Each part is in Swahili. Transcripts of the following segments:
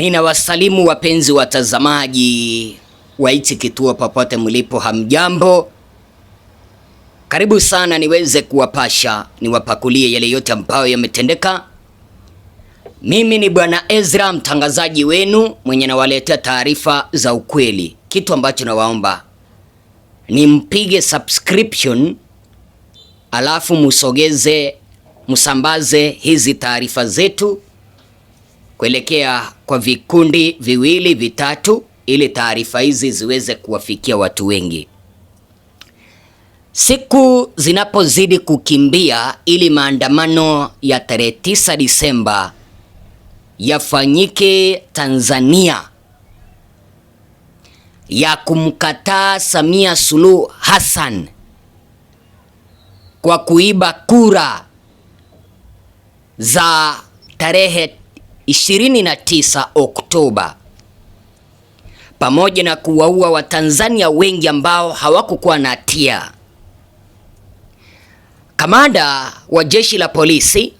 Ninawasalimu wapenzi watazamaji wa hichi kituo popote mlipo, hamjambo? Karibu sana niweze kuwapasha, niwapakulie yale yote ambayo yametendeka. Mimi ni Bwana Ezra, mtangazaji wenu mwenye nawaletea taarifa za ukweli. Kitu ambacho nawaomba ni mpige subscription, alafu musogeze, musambaze hizi taarifa zetu kuelekea kwa vikundi viwili vitatu, ili taarifa hizi ziweze kuwafikia watu wengi. Siku zinapozidi kukimbia ili maandamano ya tarehe 9 Disemba yafanyike Tanzania ya kumkataa Samia Suluhu Hassan kwa kuiba kura za tarehe 29 Oktoba, pamoja na kuwaua Watanzania wengi ambao hawakukuwa na hatia. Kamanda wa jeshi la polisi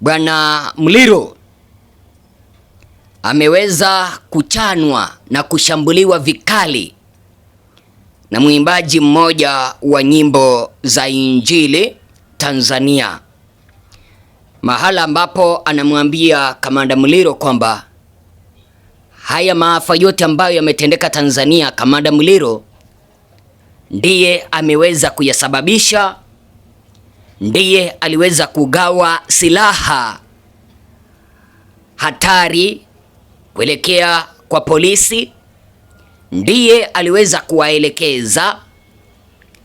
Bwana Mliro ameweza kuchanwa na kushambuliwa vikali na mwimbaji mmoja wa nyimbo za Injili Tanzania mahala ambapo anamwambia Kamanda Muliro kwamba haya maafa yote ambayo yametendeka Tanzania, Kamanda Muliro ndiye ameweza kuyasababisha, ndiye aliweza kugawa silaha hatari kuelekea kwa polisi, ndiye aliweza kuwaelekeza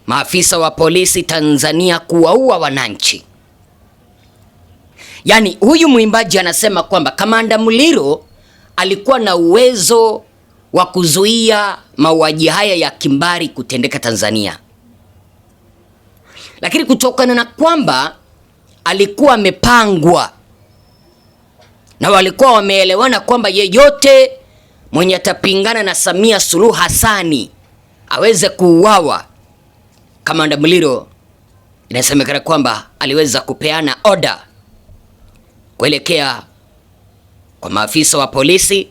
maafisa wa polisi Tanzania kuwaua wananchi. Yaani huyu mwimbaji anasema kwamba Kamanda Muliro alikuwa na uwezo wa kuzuia mauaji haya ya kimbari kutendeka Tanzania, lakini kutokana na kwamba alikuwa amepangwa na walikuwa wameelewana kwamba yeyote mwenye atapingana na Samia Suluhu Hassani aweze kuuawa. Kamanda Muliro inasemekana kwamba aliweza kupeana oda kuelekea kwa maafisa wa polisi,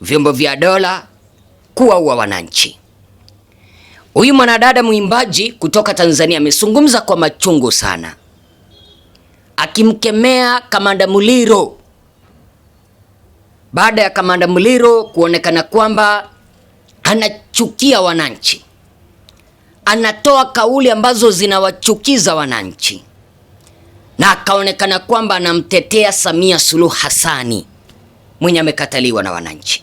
vyombo vya dola kuwaua wananchi. Huyu mwanadada mwimbaji kutoka Tanzania amezungumza kwa machungu sana, akimkemea Kamanda Muliro baada ya Kamanda Muliro kuonekana kwamba anachukia wananchi, anatoa kauli ambazo zinawachukiza wananchi na akaonekana kwamba anamtetea Samia Suluhu Hassani mwenye amekataliwa na wananchi.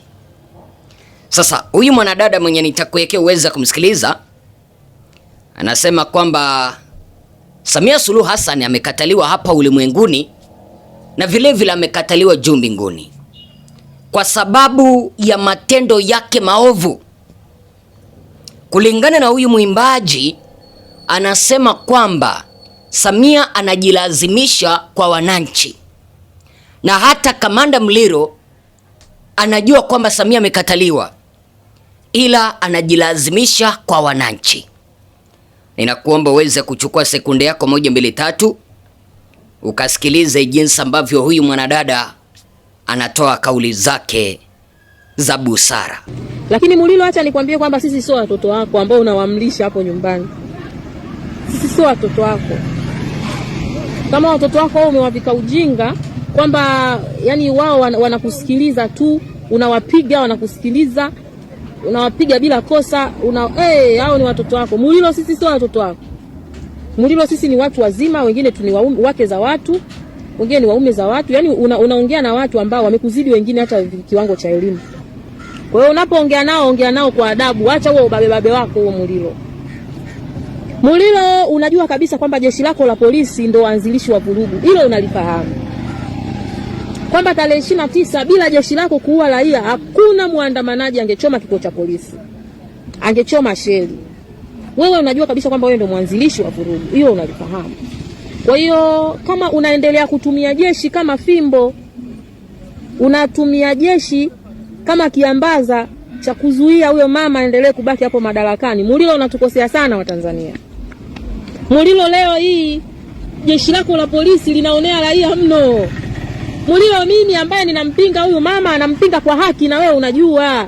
Sasa huyu mwanadada mwenye nitakuwekea uweza kumsikiliza anasema kwamba Samia Suluhu hasani amekataliwa hapa ulimwenguni na vilevile vile amekataliwa juu mbinguni kwa sababu ya matendo yake maovu. Kulingana na huyu mwimbaji, anasema kwamba Samia anajilazimisha kwa wananchi, na hata kamanda Mliro anajua kwamba Samia amekataliwa, ila anajilazimisha kwa wananchi. Ninakuomba uweze kuchukua sekunde yako moja, mbili, tatu, ukasikilize jinsi ambavyo huyu mwanadada anatoa kauli zake za busara. Lakini Mulilo, acha nikwambie kwamba sisi sio watoto wako ambao unawamlisha hapo nyumbani. Sisi sio watoto wako. Kama watoto wako wao umewavika ujinga kwamba yani wao wanakusikiliza tu, unawapiga wanakusikiliza, unawapiga bila kosa una, hey, eh, hao ni watoto wako. Mulilo sisi sio watoto wako. Mulilo sisi ni watu wazima, wengine tu ni wake za watu, wengine ni waume za watu. Yani unaongea una na watu ambao wamekuzidi wengine hata kiwango cha elimu. Kwa hiyo unapoongea nao, ongea nao kwa adabu, acha huo ubabebabe wako huo Mulilo. Mulilo, unajua kabisa kwamba jeshi lako la polisi ndo waanzilishi wa vurugu, hilo unalifahamu kwamba tarehe ishirini na tisa bila jeshi lako kuua raia hakuna mwandamanaji angechoma kituo cha polisi, angechoma sheli. Wewe unajua kabisa kwamba wewe ndo mwanzilishi wa vurugu, hiyo unalifahamu. Kwa hiyo kama unaendelea kutumia jeshi kama fimbo, unatumia jeshi kama kiambaza cha kuzuia huyo mama aendelee kubaki hapo madarakani, Mulilo unatukosea sana Watanzania. Mulilo, leo hii jeshi lako la polisi linaonea raia mno. Mulilo, mimi ambaye ninampinga huyu mama anampinga kwa haki, na wewe unajua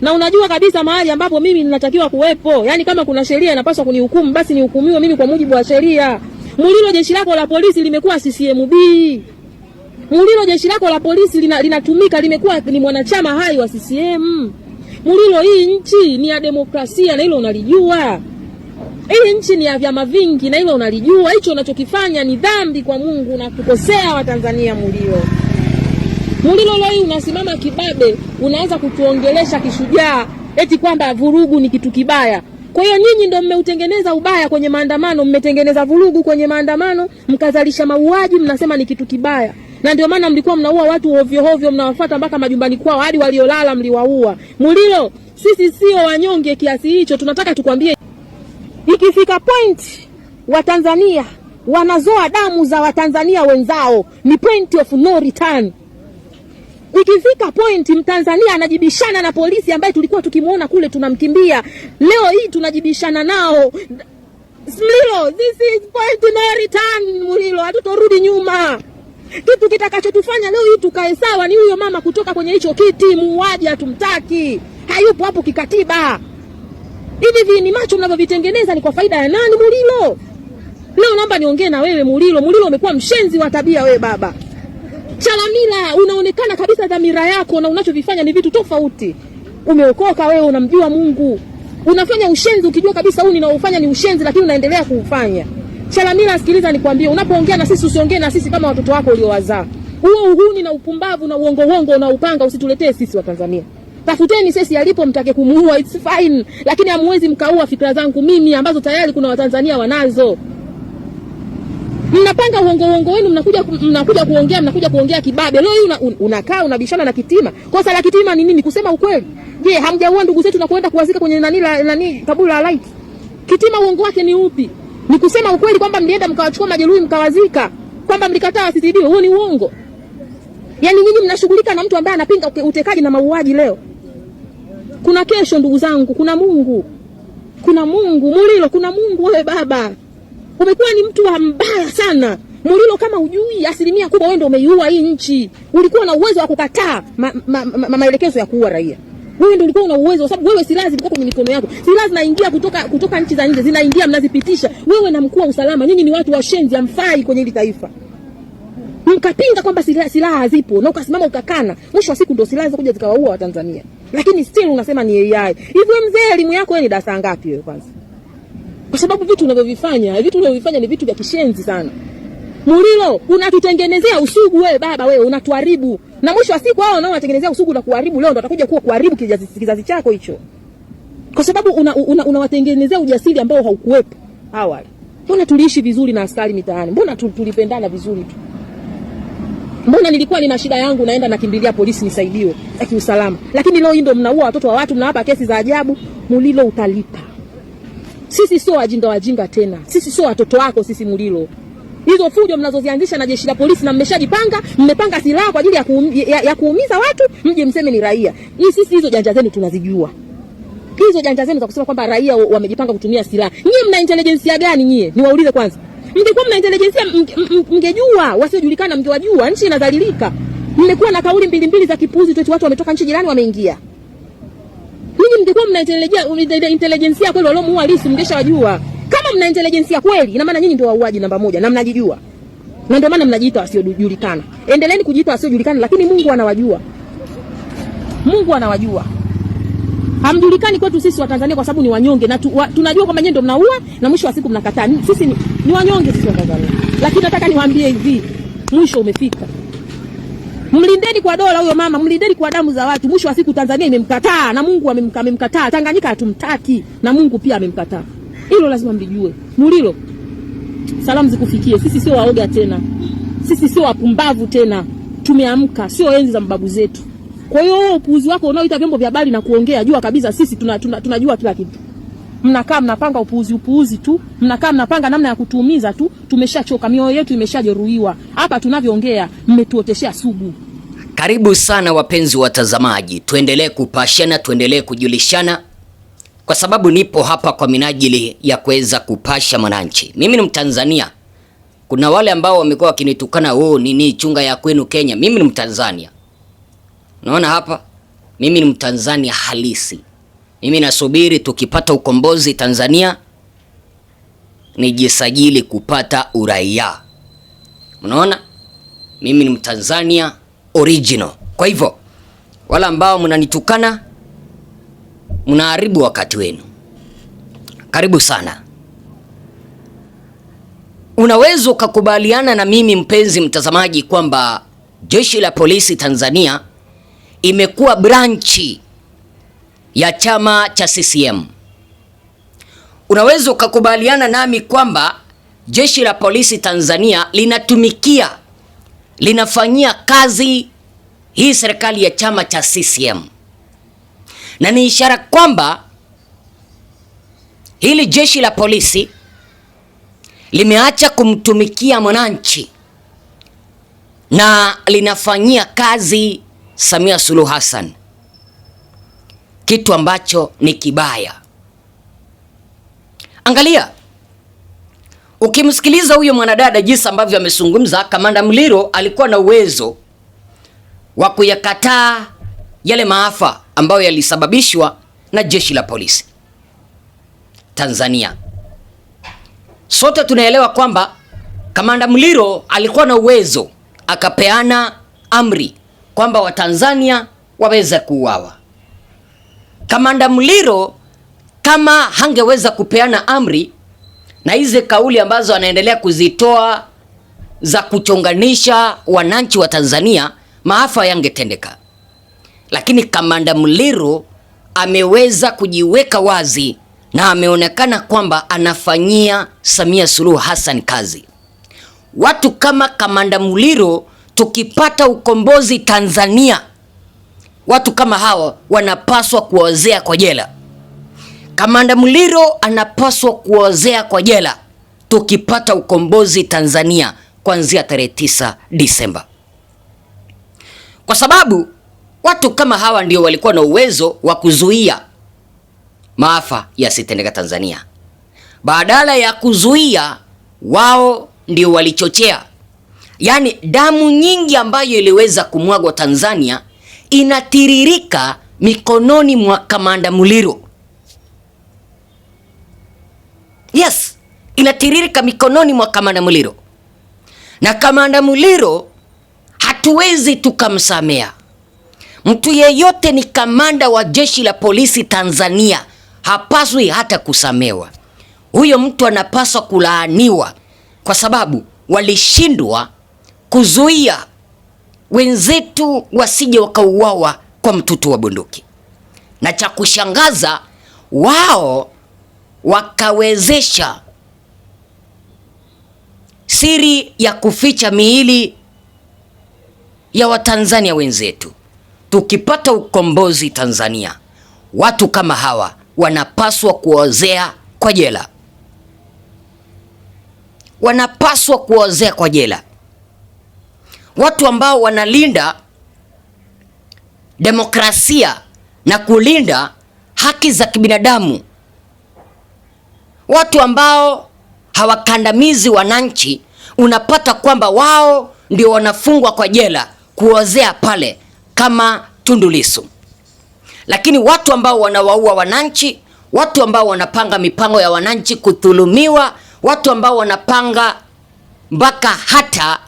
na unajua kabisa mahali ambapo mimi ninatakiwa kuwepo. Yaani, kama kuna sheria inapaswa kunihukumu, basi nihukumiwe mimi kwa mujibu wa sheria. Mulilo, jeshi lako la polisi limekuwa CCMB. Mulilo, jeshi lako la polisi linatumika limekuwa ni mwanachama hai wa CCM. Mulilo, hii nchi ni ya demokrasia na hilo unalijua. Hii nchi ni ya vyama vingi na hilo unalijua. Hicho unachokifanya ni dhambi kwa Mungu na kukosea Watanzania mulio mulilo. Leo hii unasimama kibabe, unaanza kutuongelesha kishujaa eti kwamba vurugu ni kitu kibaya. Kwa hiyo nyinyi ndio mmeutengeneza ubaya kwenye maandamano, mmetengeneza vurugu kwenye maandamano, mkazalisha mauaji, mnasema ni kitu kibaya. Na ndio maana mlikuwa mnaua watu ovyo ovyo, mnawafuata mpaka majumbani kwao, hadi waliolala mliwaua. Mulilo, sisi sio wanyonge kiasi hicho, tunataka tukwambie Ikifika point Watanzania wanazoa damu za Watanzania wenzao, ni point of no return. Ikifika point Mtanzania anajibishana na polisi ambaye tulikuwa tukimwona kule tunamkimbia, leo hii tunajibishana nao. Mlilo, this is point no return. Mlilo, hatutorudi nyuma. Kitu kitakachotufanya leo hii tukae sawa ni huyo mama kutoka kwenye hicho kiti, muuaji hatumtaki, hayupo hapo kikatiba. Hivi vini macho mnavyovitengeneza ni kwa faida ya nani? Mulilo, leo naomba niongee na wewe Mulilo. Mulilo, umekuwa mshenzi wa tabia wewe baba Chalamila. Unaonekana kabisa dhamira yako na unachovifanya ni vitu tofauti. Umeokoka wewe, unamjua Mungu, unafanya ushenzi ukijua kabisa huu ninaofanya ni ushenzi, lakini unaendelea kuufanya. Chalamila, sikiliza nikwambie, unapoongea na sisi usiongee na sisi kama watoto wako uliowazaa. Huo uhuni na upumbavu na uongo uongo unaupanga usituletee sisi wa Tanzania tafuteni sisi alipo mtake kumuua, it's fine, lakini hamwezi mkaua fikra zangu mimi ambazo tayari kuna Watanzania wanazo. Mnapanga uongo uongo wenu, mnakuja mnakuja kuongea mnakuja kuongea kibabe. Leo una, un, unakaa unabishana na Kitima. Kosa la Kitima ni nini? Kusema ukweli. Je, hamjaua ndugu zetu na kwenda kuwazika kwenye nani la nani kaburi la laiki? Kitima uongo wake ni upi? Ni kusema ukweli kwamba mlienda mkawachukua majeruhi mkawazika, kwamba mlikataa wasitibiwe. Huo ni uongo. Yaani nyinyi mnashughulika na mtu ambaye anapinga utekaji na mauaji leo kuna kesho ndugu zangu, kuna Mungu, kuna Mungu. Mulilo, kuna Mungu. Wewe baba umekuwa ni mtu wa mbaya sana Mulilo, kama ujui, asilimia kubwa wewe ndio umeiua hii nchi. Ulikuwa na uwezo wa kukataa ma, ma, ma, ma, maelekezo ya kuua raia. Wewe ndio ulikuwa una uwezo, kwa sababu wewe silaha zilikuwa kwenye mikono yako. Silaha zinaingia kutoka kutoka nchi za nje, zinaingia mnazipitisha. Wewe na mkuu wa usalama, nyinyi ni watu washenzi, amfai kwenye hili taifa. Mkapinga kwamba silaha zipo na ukasimama ukakana, mwisho wa siku ndio silaha zikuja zikawaua Watanzania lakini still unasema ni AI. Hivyo mzee, elimu yako wewe ni darasa ngapi wewe kwanza? Kwa sababu vitu unavyovifanya, vitu unavyovifanya ni vitu vya kishenzi sana. Mulilo, unatutengenezea usugu wewe baba wewe, unatuharibu. Na mwisho wa siku hao nao wanatengenezea usugu na kuharibu, leo ndo atakuja kuwa kuharibu kizazi, kizazi chako hicho. Kwa sababu unawatengenezea una, una ujasiri ambao haukuwepo awali. Mbona tuliishi vizuri na askari mitaani? Mbona tulipendana vizuri tu? Mbona nilikuwa nina shida yangu naenda nakimbilia polisi nisaidiwe ya kiusalama. Lakini leo ndio mnaua watoto wa watu, mnawapa kesi za ajabu, Mulilo utalipa. Sisi sio wajinga wajinga tena. Sisi sio watoto wako sisi Mulilo. Hizo fujo mnazozianzisha na jeshi la polisi na mmeshajipanga, mmepanga silaha kwa ajili ya, kuum, ya, ya kuumiza watu, mje mseme ni raia. Hii sisi hizo janja zenu tunazijua. Hizo janja zenu za kusema kwamba raia wamejipanga kutumia silaha. Nyie mna intelligence gani nyie? Niwaulize kwanza. Mngekuwa mna intelijensia, mngejua wasiojulikana, mngewajua. Nchi inadhalilika. Mmekuwa na kauli mbili mbili za kipuzi tu, watu wametoka nchi jirani wameingia. Ninyi mngekuwa mna intelijensia kweli, waliomuua Lissu mngeshawajua. Kama mna intelijensia kweli, ina maana nyinyi ndio wauaji namba moja na mnajijua, na ndio maana mnajiita wasiojulikana. Endeleeni kujiita wasiojulikana, lakini Mungu anawajua. Mungu anawajua hamjulikani kwetu sisi Watanzania kwa sababu ni wanyonge na tu, wa, tunajua kwamba nyinyi ndio mnaua na mwisho wa siku mnakataa. Sisi ni, ni wanyonge sisi Watanzania, lakini nataka niwaambie hivi, mwisho umefika. Mlindeni kwa dola huyo mama, mlindeni kwa damu za watu. Mwisho wa siku Tanzania imemkataa na Mungu amemkataa. Tanganyika hatumtaki na Mungu pia amemkataa. Hilo lazima mlijue. Mulilo, salamu zikufikie. Sisi sio waoga tena, sisi sio wapumbavu tena. Tumeamka, sio enzi za mababu zetu. Kwa hiyo wewe upuuzi wako unaoita vyombo vya habari na kuongea, jua kabisa sisi tunajua tuna, tuna, tuna kila kitu. Mnakaa mnapanga upuuzi upuuzi tu, mnakaa mnapanga namna ya kutuumiza tu. Tumeshachoka, mioyo yetu imeshajeruhiwa. Hapa tunavyoongea mmetuoteshea subu. Karibu sana wapenzi watazamaji, tuendelee kupashana, tuendelee kujulishana, kwa sababu nipo hapa kwa minajili ya kuweza kupasha mwananchi. Mimi ni Mtanzania. Kuna wale ambao wamekuwa wakinitukana, oh, nini chunga ya kwenu Kenya. Mimi ni Mtanzania. Unaona hapa, mimi ni Mtanzania halisi. Mimi nasubiri tukipata ukombozi Tanzania nijisajili kupata uraia. Unaona, mimi ni Mtanzania original. Kwa hivyo wala ambao mnanitukana mnaharibu wakati wenu. Karibu sana. Unaweza ukakubaliana na mimi mpenzi mtazamaji, kwamba jeshi la polisi Tanzania imekuwa branchi ya chama cha CCM. Unaweza ukakubaliana nami kwamba jeshi la polisi Tanzania linatumikia, linafanyia kazi hii serikali ya chama cha CCM, na ni ishara kwamba hili jeshi la polisi limeacha kumtumikia mwananchi na linafanyia kazi Samia Suluhu Hassan kitu ambacho ni kibaya. Angalia, ukimsikiliza huyo mwanadada jinsi ambavyo amezungumza, Kamanda Mliro alikuwa na uwezo wa kuyakataa yale maafa ambayo yalisababishwa na jeshi la polisi Tanzania. Sote tunaelewa kwamba Kamanda Mliro alikuwa na uwezo akapeana amri kwamba Watanzania waweza kuuawa. Kamanda Muliro kama hangeweza kupeana amri na hizi kauli ambazo anaendelea kuzitoa za kuchonganisha wananchi wa Tanzania, maafa yangetendeka. Lakini Kamanda Muliro ameweza kujiweka wazi na ameonekana kwamba anafanyia Samia Suluhu Hassan kazi. Watu kama Kamanda Muliro tukipata ukombozi Tanzania, watu kama hawa wanapaswa kuwaozea kwa jela. Kamanda Muliro anapaswa kuwaozea kwa jela tukipata ukombozi Tanzania kuanzia tarehe 9 Disemba, kwa sababu watu kama hawa ndio walikuwa na uwezo wa kuzuia maafa yasitendeka Tanzania. Badala ya kuzuia, wao ndio walichochea Yaani damu nyingi ambayo iliweza kumwagwa Tanzania inatiririka mikononi mwa Kamanda Muliro. Yes, inatiririka mikononi mwa Kamanda Muliro. Na Kamanda Muliro hatuwezi tukamsamea. Mtu yeyote ni kamanda wa jeshi la polisi Tanzania, hapaswi hata kusamewa. Huyo mtu anapaswa kulaaniwa kwa sababu walishindwa kuzuia wenzetu wasije wakauawa kwa mtutu wa bunduki, na cha kushangaza wao wakawezesha siri ya kuficha miili ya Watanzania wenzetu. Tukipata ukombozi Tanzania, watu kama hawa wanapaswa kuozea kwa jela, wanapaswa kuozea kwa jela watu ambao wanalinda demokrasia na kulinda haki za kibinadamu, watu ambao hawakandamizi wananchi, unapata kwamba wao ndio wanafungwa kwa jela kuozea pale kama Tundu Lissu. Lakini watu ambao wanawaua wananchi, watu ambao wanapanga mipango ya wananchi kudhulumiwa, watu ambao wanapanga mpaka hata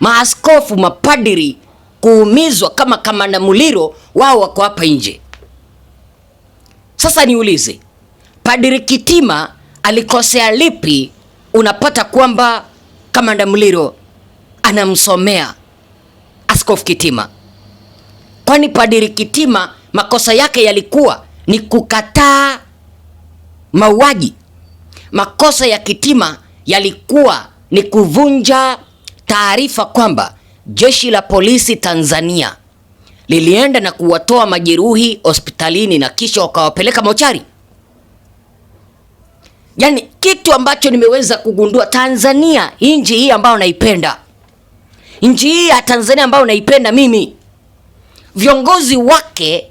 maaskofu, mapadiri kuumizwa kama kamanda Muliro, wao wako hapa nje. Sasa niulize, Padiri Kitima alikosea lipi? Unapata kwamba kamanda Muliro anamsomea Askofu Kitima. Kwani Padiri Kitima makosa yake yalikuwa ni kukataa mauaji? Makosa ya Kitima yalikuwa ni kuvunja taarifa kwamba jeshi la polisi Tanzania lilienda na kuwatoa majeruhi hospitalini na kisha wakawapeleka mochari. Yaani kitu ambacho nimeweza kugundua Tanzania, hii nchi hii ambayo naipenda, nchi hii ya Tanzania ambayo naipenda mimi, viongozi wake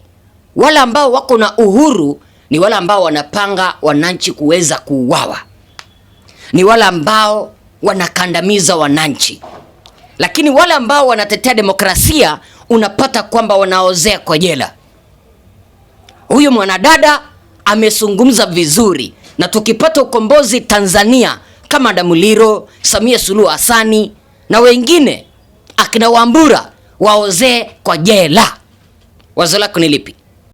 wale ambao wako na uhuru ni wale ambao wanapanga wananchi kuweza kuuawa, ni wale ambao wanakandamiza wananchi, lakini wale ambao wanatetea demokrasia unapata kwamba wanaozea kwa jela. Huyu mwanadada amezungumza vizuri, na tukipata ukombozi Tanzania kama Damuliro, Samia Suluhu hasani na wengine akina Wambura waozee kwa jela. Wazo lako ni lipi?